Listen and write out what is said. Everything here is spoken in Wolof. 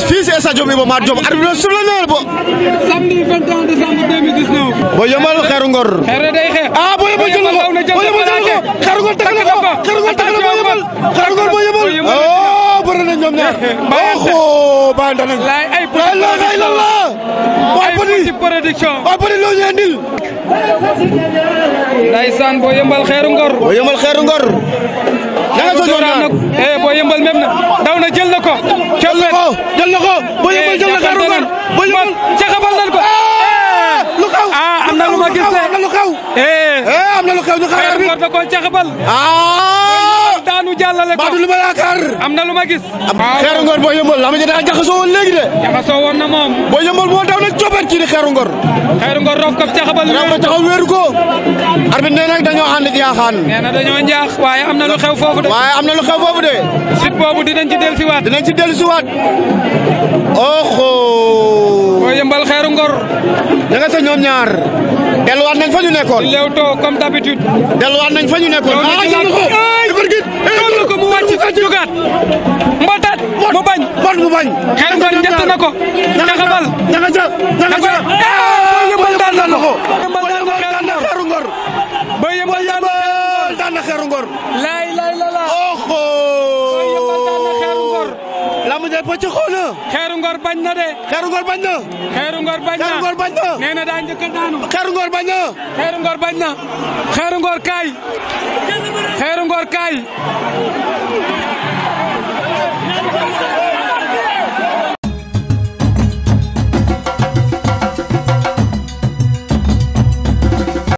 fii si stade Iba Mar Diop arbitre bi siflé na bo samedi 21 décembre 2019 bo yemal Xeeru Ngor xeeru day xeex ah bo yemal jël ko bo yemal jël ko Xeeru Ngor takk na ko Xeeru Ngor takk na bo yemal Xeeru Ngor bo yemal oh bëri na ñoom ñaar oh ba ndana lay ay production wa bëri loo ñu andil ndeysaan bo yemal Xeeru Ngor bo yemal Xeeru Ngor da nga so ñoom ñaar ba ñu ci xabal nañ ko. Ah, eh, lu ah, na lu ma gis am na lu xaw eh. eh, am na lu xaw ko ci xabal. ah daanu jàllale ko. Badou lu ma yaakaar. am na lu ma gis. Ah, xeeru ngor boo yëmbal am na daa jaxasoo woon léegi de. jaxasoo woon na moom. boo yëmbal moo daw na cobat kii di xeeru roof ko ci xabal. roof ko taxaw wéeru ko. arbitre nee nag dañoo ànd jaaxaan. na dañoo njaax waaye am na lu xew foofu de. am na lu xew foofu de. sit boobu dinañ ci dellusiwaat. dinañ ci dellusiwaat. Oh, ña nga sa ñoom ñaar delluwaat nañ fa ñu nekkoon. Leewtoo comme d'habitude. delluwaat nañ fa ñu nekkoon. ah jël ko jël ko mu wàcc jógaat mbootaat mu bañ. mbot mu bañ. xel nga njëkk na ko. jaxabal ñanga ca ñanga ca. booy yëmbal daan na ko booy yëmbal daan na xeeru ngor. booy yëmbal daan na xeeru ngor. waaye pëcc xoo na. xeeru ngor bañ na de. xeeru ngor bañ na. xeeru ngor bañ na xeeru ngor bañ na. nee na bañ na. xeeru ngor kaay. xeeru ngor kaay.